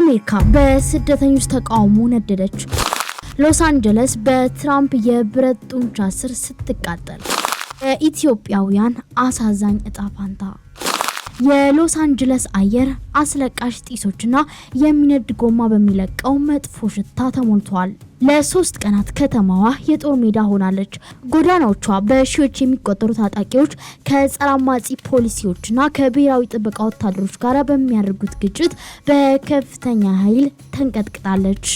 አሜሪካ በስደተኞች ተቃውሞ ነደደች። ሎስ አንጀለስ በትራምፕ የብረት ጡንቻ ስር ስትቃጠል። የኢትዮጵያውያን አሳዛኝ እጣ ፋንታ የሎስ አንጀለስ አየር አስለቃሽ ጢሶችና የሚነድ ጎማ በሚለቀው መጥፎ ሽታ ተሞልቷል። ለሶስት ቀናት ከተማዋ የጦር ሜዳ ሆናለች። ጎዳናዎቿ በሺዎች የሚቆጠሩ ታጣቂዎች ከጸረ አማጺ ፖሊሲዎችና ከብሔራዊ ጥበቃ ወታደሮች ጋር በሚያደርጉት ግጭት በከፍተኛ ኃይል ተንቀጥቅጣለች።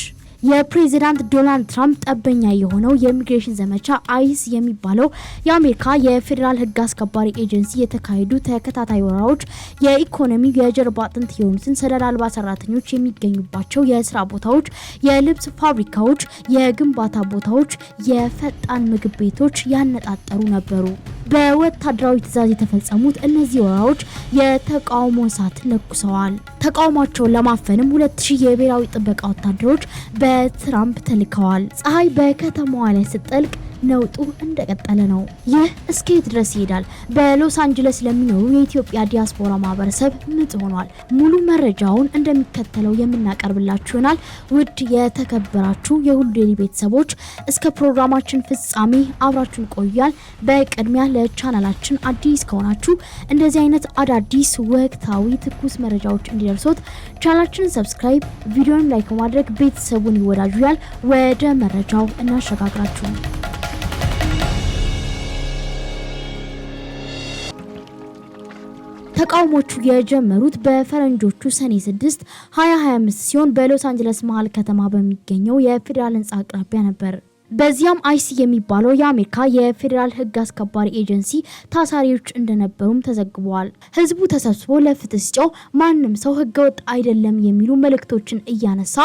የፕሬዚዳንት ዶናልድ ትራምፕ ጠበኛ የሆነው የኢሚግሬሽን ዘመቻ አይስ የሚባለው የአሜሪካ የፌዴራል ሕግ አስከባሪ ኤጀንሲ የተካሄዱ ተከታታይ ወራዎች የኢኮኖሚ የጀርባ አጥንት የሆኑትን ሰነድ አልባ ሰራተኞች የሚገኙባቸው የስራ ቦታዎች፣ የልብስ ፋብሪካዎች፣ የግንባታ ቦታዎች፣ የፈጣን ምግብ ቤቶች ያነጣጠሩ ነበሩ። በወታደራዊ ትዕዛዝ የተፈጸሙት እነዚህ ወራዎች የተቃውሞ እሳት ለኩሰዋል። ተቃውሟቸውን ለማፈንም ሁለት ሺህ የብሔራዊ ጥበቃ ወታደሮች በትራምፕ ተልከዋል። ፀሐይ በከተማዋ ላይ ስትጠልቅ ነውጡ እንደቀጠለ ነው። ይህ እስከየት ድረስ ይሄዳል? በሎስ አንጀለስ ለሚኖሩ የኢትዮጵያ ዲያስፖራ ማህበረሰብ ምጥ ሆኗል። ሙሉ መረጃውን እንደሚከተለው የምናቀርብላችሁ ይሆናል። ውድ የተከበራችሁ የሁሉ ዴይሊ ቤተሰቦች እስከ ፕሮግራማችን ፍጻሜ አብራችሁን ቆያል። በቅድሚያ ለቻናላችን አዲስ ከሆናችሁ እንደዚህ አይነት አዳዲስ ወቅታዊ ትኩስ መረጃዎች እንዲደርሶት ቻናላችንን ሰብስክራይብ፣ ቪዲዮን ላይክ በማድረግ ቤተሰቡን ይወዳጁ ያል። ወደ መረጃው እናሸጋግራችሁ። ተቃውሞቹ የጀመሩት በፈረንጆቹ ሰኔ 6 2025 ሲሆን በሎስ አንጀለስ መሀል ከተማ በሚገኘው የፌዴራል ህንፃ አቅራቢያ ነበር። በዚያም አይሲ የሚባለው የአሜሪካ የፌዴራል ህግ አስከባሪ ኤጀንሲ ታሳሪዎች እንደነበሩም ተዘግበዋል። ህዝቡ ተሰብስቦ ለፍትህ ሲጮህ ማንም ሰው ህገወጥ አይደለም የሚሉ መልእክቶችን እያነሳ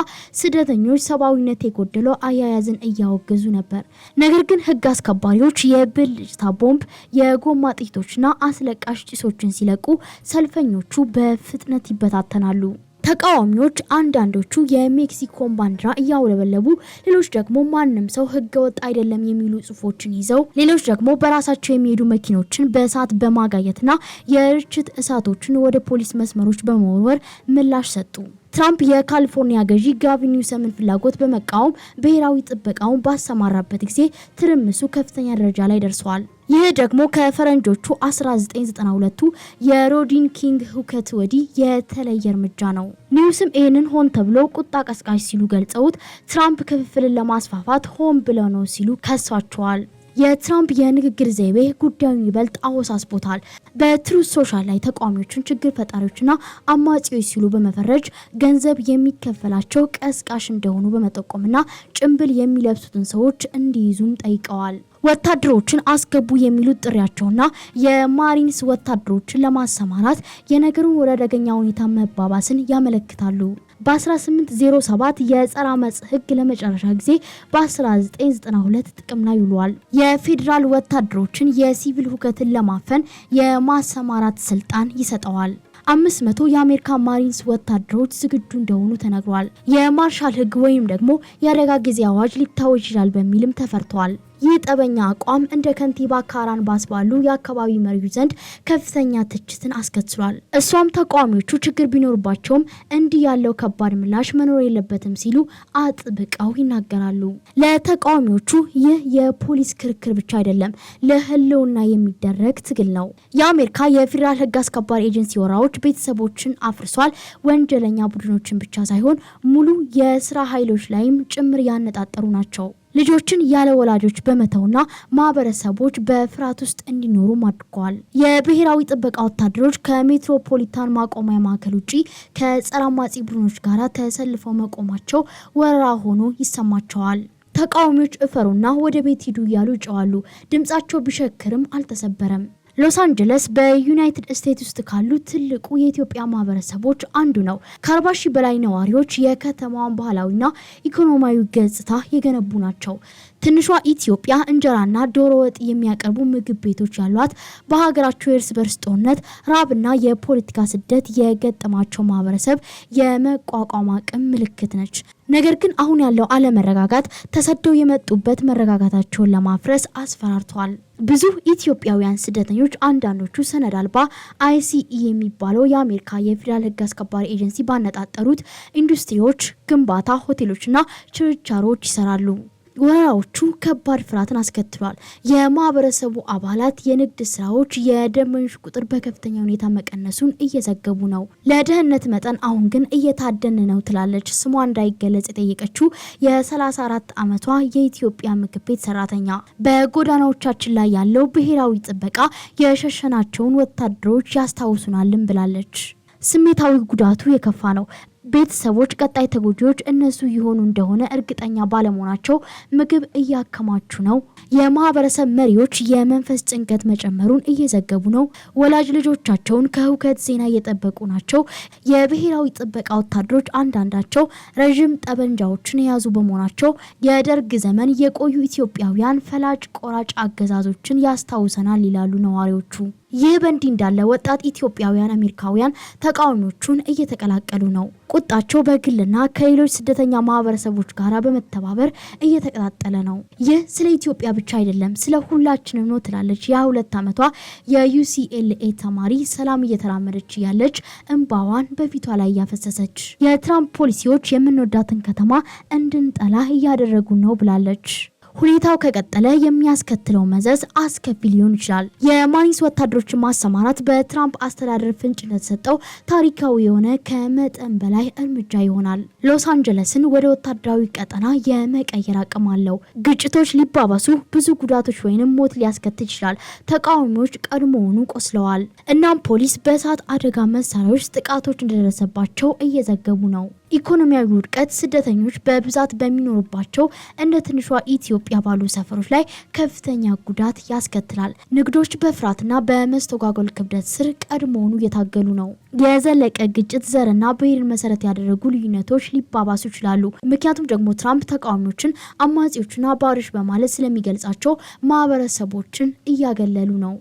ስደተኞች ሰብአዊነት የጎደለው አያያዝን እያወገዙ ነበር። ነገር ግን ህግ አስከባሪዎች የብልጭታ ቦምብ፣ የጎማ ጥይቶችና አስለቃሽ ጭሶችን ሲለቁ ሰልፈኞቹ በፍጥነት ይበታተናሉ። ተቃዋሚዎች አንዳንዶቹ የሜክሲኮን ባንዲራ እያውለበለቡ፣ ሌሎች ደግሞ ማንም ሰው ህገ ወጥ አይደለም የሚሉ ጽሁፎችን ይዘው፣ ሌሎች ደግሞ በራሳቸው የሚሄዱ መኪኖችን በእሳት በማጋየትና የርችት እሳቶችን ወደ ፖሊስ መስመሮች በመወርወር ምላሽ ሰጡ። ትራምፕ የካሊፎርኒያ ገዢ ጋቪን ኒውሰምን ፍላጎት በመቃወም ብሔራዊ ጥበቃውን ባሰማራበት ጊዜ ትርምሱ ከፍተኛ ደረጃ ላይ ደርሰዋል። ይህ ደግሞ ከፈረንጆቹ 1992ቱ የሮዲን ኪንግ ሁከት ወዲህ የተለየ እርምጃ ነው። ኒውስም ይህንን ሆን ተብሎ ቁጣ ቀስቃሽ ሲሉ ገልጸውት፣ ትራምፕ ክፍፍልን ለማስፋፋት ሆን ብለው ነው ሲሉ ከሷቸዋል። የትራምፕ የንግግር ዘይቤ ጉዳዩን ይበልጥ አወሳስቦታል። በትሩዝ ሶሻል ላይ ተቃዋሚዎችን ችግር ፈጣሪዎችና አማጺዎች ሲሉ በመፈረጅ ገንዘብ የሚከፈላቸው ቀስቃሽ እንደሆኑ በመጠቆምና ጭንብል የሚለብሱትን ሰዎች እንዲይዙም ጠይቀዋል። ወታደሮችን አስገቡ የሚሉት ጥሪያቸውና የማሪንስ ወታደሮችን ለማሰማራት የነገሩን ወደ አደገኛ ሁኔታ መባባስን ያመለክታሉ። በ1807 የጸረ አመፅ ህግ ለመጨረሻ ጊዜ በ1992 ጥቅም ላይ ውሏል። የፌዴራል ወታደሮችን የሲቪል ሁከትን ለማፈን የማሰማራት ስልጣን ይሰጠዋል። አምስት መቶ የአሜሪካ ማሪንስ ወታደሮች ዝግጁ እንደሆኑ ተነግሯል። የማርሻል ህግ ወይም ደግሞ የአደጋ ጊዜ አዋጅ ሊታወጅ ይችላል በሚልም ተፈርቷል። ይህ ጠበኛ አቋም እንደ ከንቲባ ካራን ባስ ባሉ የአካባቢ መሪዎች ዘንድ ከፍተኛ ትችትን አስከትሏል። እሷም ተቃዋሚዎቹ ችግር ቢኖርባቸውም እንዲህ ያለው ከባድ ምላሽ መኖር የለበትም ሲሉ አጥብቀው ይናገራሉ። ለተቃዋሚዎቹ ይህ የፖሊስ ክርክር ብቻ አይደለም፣ ለህልውና የሚደረግ ትግል ነው። የአሜሪካ የፌዴራል ህግ አስከባሪ ኤጀንሲ ወራዎች ቤተሰቦችን አፍርሷል፣ ወንጀለኛ ቡድኖችን ብቻ ሳይሆን ሙሉ የስራ ኃይሎች ላይም ጭምር ያነጣጠሩ ናቸው። ልጆችን ያለ ወላጆች በመተውና ማህበረሰቦች በፍርሃት ውስጥ እንዲኖሩም አድርገዋል። የብሔራዊ ጥበቃ ወታደሮች ከሜትሮፖሊታን ማቆሚያ ማዕከል ውጭ ከጸረ አማጺ ቡድኖች ጋር ተሰልፈው መቆማቸው ወረራ ሆኖ ይሰማቸዋል። ተቃዋሚዎች እፈሩና ወደ ቤት ሂዱ እያሉ ይጨዋሉ። ድምጻቸው ቢሸክርም አልተሰበረም። ሎስ አንጀለስ በዩናይትድ ስቴትስ ውስጥ ካሉ ትልቁ የኢትዮጵያ ማህበረሰቦች አንዱ ነው። ከአርባ ሺህ በላይ ነዋሪዎች የከተማዋን ባህላዊና ኢኮኖሚያዊ ገጽታ የገነቡ ናቸው። ትንሿ ኢትዮጵያ እንጀራና ዶሮ ወጥ የሚያቀርቡ ምግብ ቤቶች ያሏት በሀገራቸው የእርስ በርስ ጦርነት ራብና የፖለቲካ ስደት የገጠማቸው ማህበረሰብ የመቋቋም አቅም ምልክት ነች። ነገር ግን አሁን ያለው አለመረጋጋት ተሰደው የመጡበት መረጋጋታቸውን ለማፍረስ አስፈራርተዋል። ብዙ ኢትዮጵያውያን ስደተኞች አንዳንዶቹ ሰነድ አልባ አይሲኢ የሚባለው የአሜሪካ የፌዴራል ሕግ አስከባሪ ኤጀንሲ ባነጣጠሩት ኢንዱስትሪዎች፣ ግንባታ፣ ሆቴሎችና ችርቻሮች ይሰራሉ። ወረራዎቹ ከባድ ፍርሃትን አስከትሏል። የማህበረሰቡ አባላት የንግድ ስራዎች የደንበኞች ቁጥር በከፍተኛ ሁኔታ መቀነሱን እየዘገቡ ነው። ለደህንነት መጠን አሁን ግን እየታደን ነው ትላለች ስሟ እንዳይገለጽ የጠየቀችው የ34 ዓመቷ የኢትዮጵያ ምግብ ቤት ሰራተኛ። በጎዳናዎቻችን ላይ ያለው ብሔራዊ ጥበቃ የሸሸናቸውን ወታደሮች ያስታውሱናልን ብላለች። ስሜታዊ ጉዳቱ የከፋ ነው። ቤተሰቦች ቀጣይ ተጎጂዎች እነሱ የሆኑ እንደሆነ እርግጠኛ ባለመሆናቸው ምግብ እያከማቹ ነው። የማህበረሰብ መሪዎች የመንፈስ ጭንቀት መጨመሩን እየዘገቡ ነው። ወላጅ ልጆቻቸውን ከሁከት ዜና እየጠበቁ ናቸው። የብሔራዊ ጥበቃ ወታደሮች አንዳንዳቸው ረዥም ጠበንጃዎችን የያዙ በመሆናቸው የደርግ ዘመን የቆዩ ኢትዮጵያውያን ፈላጭ ቆራጭ አገዛዞችን ያስታውሰናል ይላሉ ነዋሪዎቹ። ይህ በእንዲህ እንዳለ ወጣት ኢትዮጵያውያን አሜሪካውያን ተቃዋሚዎቹን እየተቀላቀሉ ነው። ቁጣቸው በግልና ከሌሎች ስደተኛ ማህበረሰቦች ጋር በመተባበር እየተቀጣጠለ ነው። ይህ ስለ ኢትዮጵያ ብቻ አይደለም፣ ስለ ሁላችንም ነው ትላለች የሁለት ዓመቷ የዩሲኤልኤ ተማሪ ሰላም እየተራመደች እያለች እንባዋን በፊቷ ላይ እያፈሰሰች። የትራምፕ ፖሊሲዎች የምንወዳትን ከተማ እንድንጠላ እያደረጉ ነው ብላለች። ሁኔታው ከቀጠለ የሚያስከትለው መዘዝ አስከፊ ሊሆን ይችላል። የማኒስ ወታደሮችን ማሰማራት በትራምፕ አስተዳደር ፍንጭ ለተሰጠው ታሪካዊ የሆነ ከመጠን በላይ እርምጃ ይሆናል። ሎስ አንጀለስን ወደ ወታደራዊ ቀጠና የመቀየር አቅም አለው። ግጭቶች ሊባባሱ፣ ብዙ ጉዳቶች ወይንም ሞት ሊያስከትል ይችላል። ተቃዋሚዎች ቀድሞውኑ ቆስለዋል። እናም ፖሊስ በእሳት አደጋ መሳሪያዎች ጥቃቶች እንደደረሰባቸው እየዘገቡ ነው። ኢኮኖሚያዊ ውድቀት ስደተኞች በብዛት በሚኖሩባቸው እንደ ትንሿ ኢትዮጵያ ባሉ ሰፈሮች ላይ ከፍተኛ ጉዳት ያስከትላል። ንግዶች በፍርሃትና በመስተጓጎል ክብደት ስር ቀድሞውኑ እየታገሉ ነው። የዘለቀ ግጭት ዘርና ብሔርን መሰረት ያደረጉ ልዩነቶች ሊባባሱ ይችላሉ። ምክንያቱም ደግሞ ትራምፕ ተቃዋሚዎችን አማጺዎችና ባሪዎች በማለት ስለሚገልጻቸው ማህበረሰቦችን እያገለሉ ነው።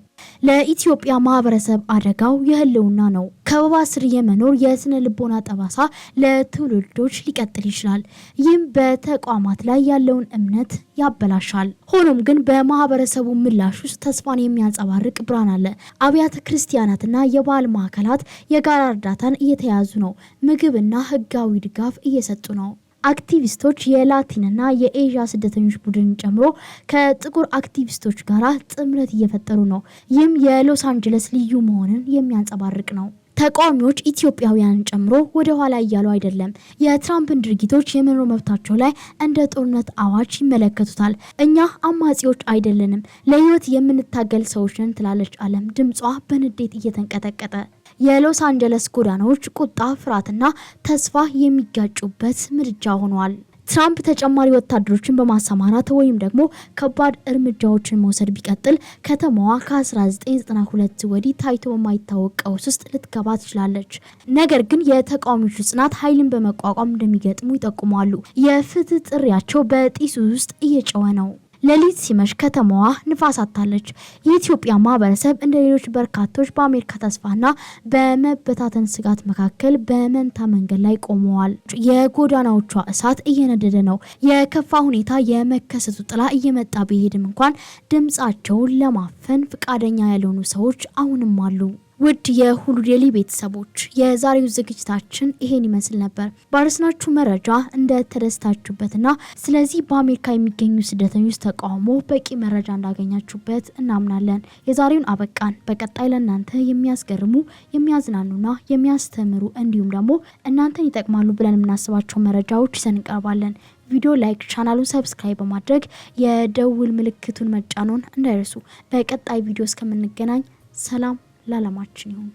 ለኢትዮጵያ ማህበረሰብ አደጋው የህልውና ነው። ከወባ ስር የመኖር የስነ ልቦና ጠባሳ ለትውልዶች ሊቀጥል ይችላል። ይህም በተቋማት ላይ ያለውን እምነት ያበላሻል። ሆኖም ግን በማህበረሰቡ ምላሽ ውስጥ ተስፋን የሚያንጸባርቅ ብርሃን አለ። አብያተ ክርስቲያናትና የባህል ማዕከላት የጋራ እርዳታን እየተያዙ ነው። ምግብና ህጋዊ ድጋፍ እየሰጡ ነው። አክቲቪስቶች የላቲንና የኤዥያ ስደተኞች ቡድን ጨምሮ ከጥቁር አክቲቪስቶች ጋር ጥምረት እየፈጠሩ ነው። ይህም የሎስ አንጀለስ ልዩ መሆንን የሚያንጸባርቅ ነው። ተቃዋሚዎች ኢትዮጵያውያንን ጨምሮ ወደ ኋላ እያሉ አይደለም። የትራምፕን ድርጊቶች የመኖር መብታቸው ላይ እንደ ጦርነት አዋጅ ይመለከቱታል። እኛ አማጺዎች አይደለንም፣ ለህይወት የምንታገል ሰዎች ነን ትላለች አለም፣ ድምጿ በንዴት እየተንቀጠቀጠ የሎስ አንጀለስ ጎዳናዎች ቁጣ፣ ፍርሃትና ተስፋ የሚጋጩበት ምድጃ ሆኗል። ትራምፕ ተጨማሪ ወታደሮችን በማሰማራት ወይም ደግሞ ከባድ እርምጃዎችን መውሰድ ቢቀጥል ከተማዋ ከ1992 ወዲህ ታይቶ በማይታወቅ ቀውስ ውስጥ ልትገባ ትችላለች። ነገር ግን የተቃዋሚዎቹ ጽናት ኃይልን በመቋቋም እንደሚገጥሙ ይጠቁማሉ። የፍትህ ጥሪያቸው በጢሱ ውስጥ እየጨወ ነው። ሌሊት ሲመሽ ከተማዋ ንፋስ አታለች። የኢትዮጵያ ማህበረሰብ እንደ ሌሎች በርካቶች በአሜሪካ ተስፋና በመበታተን ስጋት መካከል በመንታ መንገድ ላይ ቆመዋል። የጎዳናዎቿ እሳት እየነደደ ነው። የከፋ ሁኔታ የመከሰቱ ጥላ እየመጣ ቢሄድም እንኳን ድምጻቸውን ለማፈን ፈቃደኛ ያልሆኑ ሰዎች አሁንም አሉ። ውድ የሁሉ ዴይሊ ቤተሰቦች የዛሬው ዝግጅታችን ይሄን ይመስል ነበር። ባረስናችሁ መረጃ እንደተደስታችሁበትና ስለዚህ በአሜሪካ የሚገኙ ስደተኞች ተቃውሞ በቂ መረጃ እንዳገኛችሁበት እናምናለን። የዛሬውን አበቃን። በቀጣይ ለእናንተ የሚያስገርሙ የሚያዝናኑና የሚያስተምሩ እንዲሁም ደግሞ እናንተን ይጠቅማሉ ብለን የምናስባቸው መረጃዎች ይዘን እንቀርባለን። ቪዲዮ ላይክ፣ ቻናሉን ሰብስክራይብ በማድረግ የደውል ምልክቱን መጫኖን እንዳይረሱ። በቀጣይ ቪዲዮ እስከምንገናኝ ሰላም ለዓለማችን ይሁን።